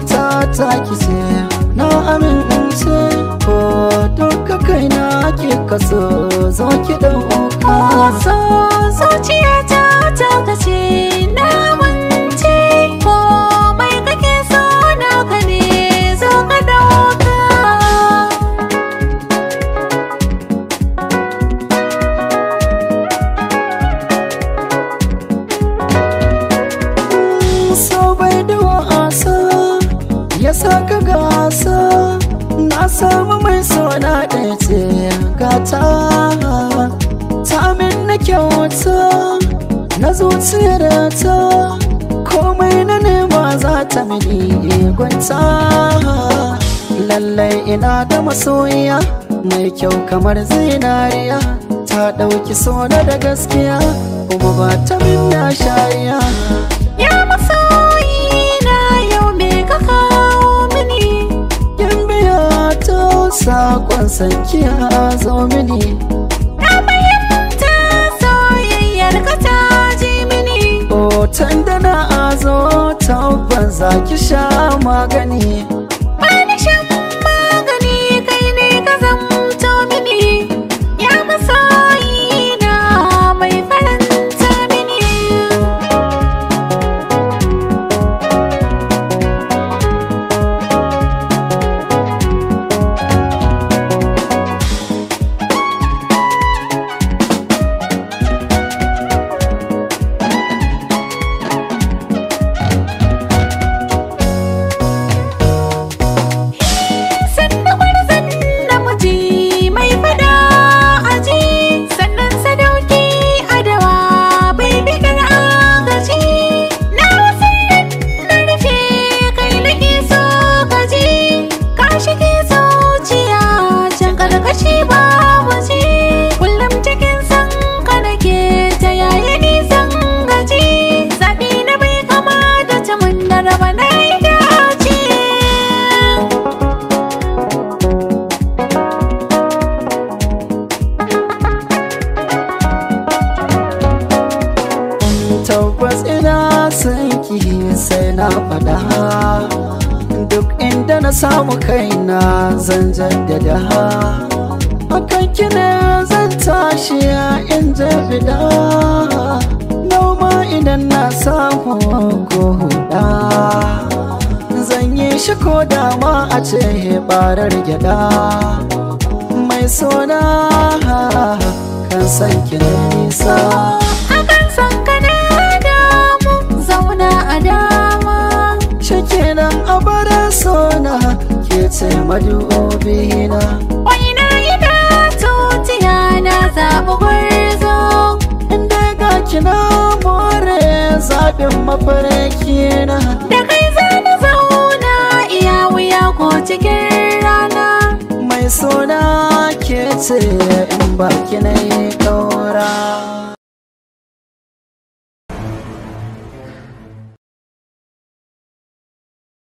fata ta kise na amince ko duka na ke kaso zo ki dauka so zuciya ta ta kace na mance ko mai kake so na ka ne zo ka dauka mm, so saka gasa na samu mai sona ɗaya ce gata ta min na kyauta na zuciyar ta komai na nema za ta mini gunta lallai ina da masoyiya mai kyau kamar zinariya ta ɗauki sona da gaskiya kuma ba ta min na shariya sakon sankiya zo mini na fahimta soyayyar ka ta ji mini hoton da na azo tabban zaki sha magani ba ni shan ki sai na fada duk inda na samu kaina zan jaddada akan kina zan tashi a in jaddada noma idan na samu ko huda zan yi shi ko dama a ce barar gyada mai sona kan san kina nisa madubina Waina ina tutiya na zaɓi gwarzo Inda ga kina more zaɓin mafarkina Da kai zani zauna iya wuya ko cikin rana Mai suna ke ce in ba